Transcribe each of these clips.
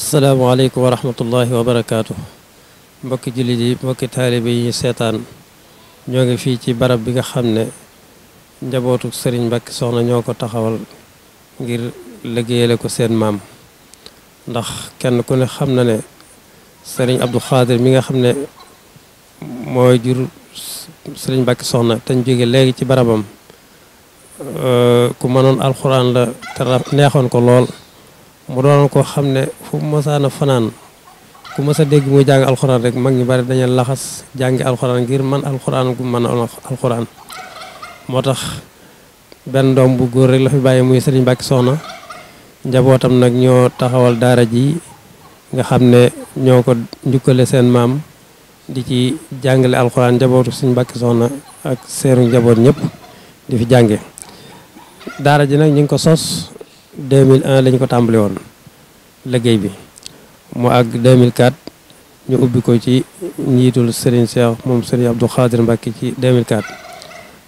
asalaamaaleykum wa rahmatullahi wa barakaatu mbokki jullit yi mbokki taalibe yi seetaan ñoo ngi fii ci barab bi nga xam ne njabootu sëriñ Mbàkke soxna ñoo ko taxawal ngir liggéeyale ko seen maam ndax kenn ku ne xam na ne sëriñ Abdou Khadir mi nga xam ne mooy jur sëriñ Mbàkke soxna te ñu jóge léegi ci barabam Euh, ku mënoon alxuraan la te neexoon ko lool mu doon ko xam ne fu mu mosaan fanaan ku mos a dégg muy jàng alxuraan rek mag ñu bari dañu laxas jàngi alxuraan ngir man alxuraan gu mën a alxuraan moo tax benn doom bu góor rek la fi bàyyi muy sëriñ Mbàkke Soxna njabootam nag ñoo taxawal daara ji nga xam ne ñoo ko njukkale seen maam di ci jàngale alxuraan njabootu suñ Mbàkke Soxna ak seeru njaboot ñëpp di fi jànge daara ji nag ñu ngi ko sos 2001 lañ ko tàmbali woon liggéey bi mu ak 2004 ñu ubbi ko ci njiitul Serigne Cheikh moom Serigne Abdou Khadir Mbacke ci 2004.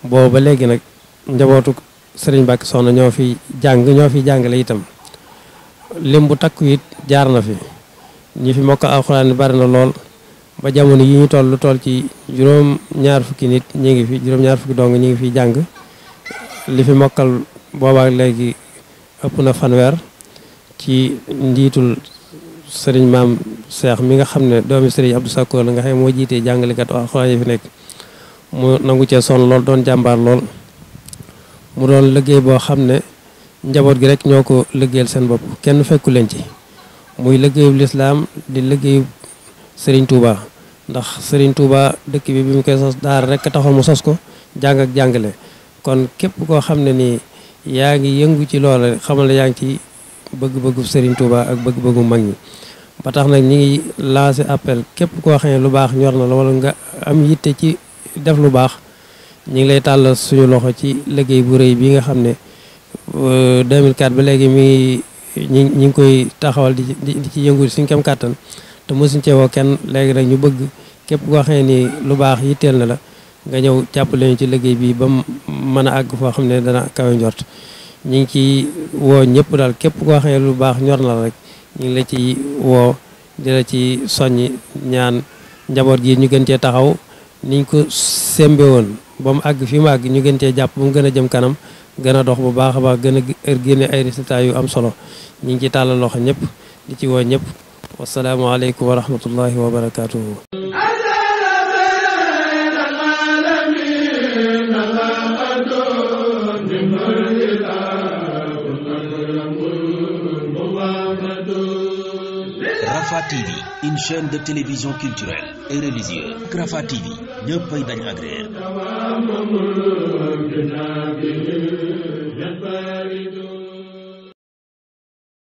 boobu ba léegi nag njabootu Serigne Mbacke soxna ñoo fi jàng ñoo fi jàngale itam lim bu takku it jaar na fi ñi fi mokk alxuraan bari na lool ba jamono yi ñu toll lu toll ci juróom-ñaar fukki nit ñi ngi fi juróom-ñaar fukki dong ñu ngi fiy jàng. li fi mokkal boobaak léegi ëpp na fanweer ci njiitul sëriñ maam Cheikh mi nga xam ne doomi sëriñ Abdou Sakkoor la nga xam ne moo jiitee jàngalikat wax fi nekk mu nangu cee sonn lool doon jàmbaar mu doon liggéey boo xam ne njaboot gi rek ñoo ko liggéeyal seen bopp kenn fekku leen ci muy liggéeyub lislaam di liggéeyub sëriñ Touba ndax sëriñ Touba dëkk bi bi mu koy sos daar rekk taxoon mu sos ko jàng ak jàngale kon képp koo xam ne nii yaa ngi yëngu ci loola xamal ne yaa ngi ci bëgg-bëggu Serigne Touba ak bëgg-bëggu mag ñi ba tax nag ñi ngi lancé appel képp koo xam ne lu baax ñor na la wala nga am yitte ci def lu baax ñi ngi lay tàllal suñu loxo ci liggéey bu rëy bii nga xam ne 2004 euh, ba léegi mi ñi ñi ngi koy taxawal di di ci yëngu suñ kam kàttan te mosuñ cee woo kenn léegi nag ñu bëgg képp koo xam ne nii lu baax yitteel na la nga ñëw jàppale ñu ci liggéey bii ba mën a àgg foo xam ne dana kawe njort ñu ngi ci woo ñëpp daal képp koo lu baax ñor na la rek ñu ngi la ci woo ci soññ ñaan njaboot gi ñu gën cee taxaw niñ ko sembe woon ba mu àgg fi mu àgg ñu gën cee jàpp ba mu gën a jëm kanam gën a dox bu baax a baax gën a génne ay résultats yu am solo ñu ngi ci tàllal loxo ñëpp di ci woo ñëpp wasalaamualeykum wa rahmatullahi wa barakaatuhu Rafah TV une chaîne de télévision culturelle et religieuse Rafah TV ñëpp ay dañ agréer